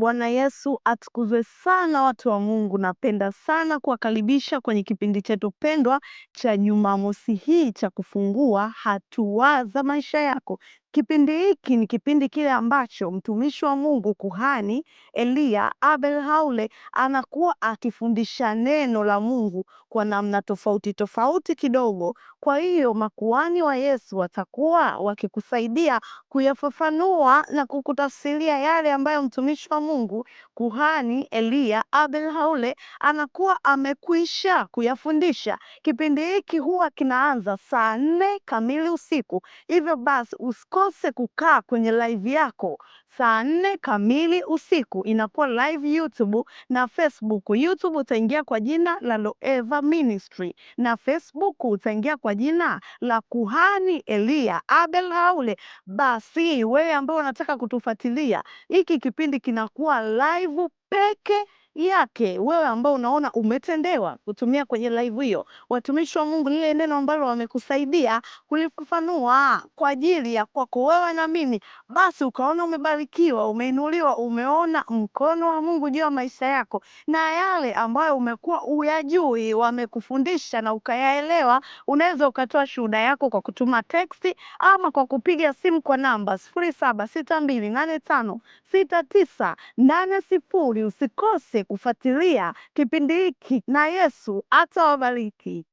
Bwana Yesu atukuzwe sana watu wa Mungu. Napenda sana kuwakaribisha kwenye kipindi chetu pendwa cha Jumamosi hii cha kufungua hatua za maisha yako. Kipindi hiki ni kipindi kile ambacho mtumishi wa Mungu kuhani Eliya Abel Haule anakuwa akifundisha neno la Mungu kwa namna tofauti tofauti kidogo. Kwa hiyo makuhani wa Yesu watakuwa wakikusaidia kuyafafanua na kukutafsiria yale ambayo mtumishi wa Mungu kuhani Eliya Abel Haule anakuwa amekwisha kuyafundisha. Kipindi hiki huwa kinaanza saa nne kamili usiku, hivyo basi usiku usikose kukaa kwenye live yako saa nne kamili usiku inakuwa live YouTube na Facebook. YouTube utaingia kwa jina la Loeva Ministry na Facebook utaingia kwa jina la Kuhani Elia Abel Haule. Basi wewe ambao unataka kutufuatilia, hiki kipindi kinakuwa live peke yake. Wewe ambao unaona umetendewa kutumia kwenye live hiyo, watumishi wa Mungu, lile neno ambalo wamekusaidia kulifafanua kwa ajili ya kwako wewe na mimi, basi ukaona umebali umebarikiwa, umeinuliwa, umeona mkono wa Mungu juu ya maisha yako, na yale ambayo umekuwa uyajui wamekufundisha na ukayaelewa, unaweza ukatoa shuhuda yako kwa kutuma teksti ama kwa kupiga simu kwa namba 0762856980. nane sifuri. Usikose kufuatilia kipindi hiki na Yesu atawabariki.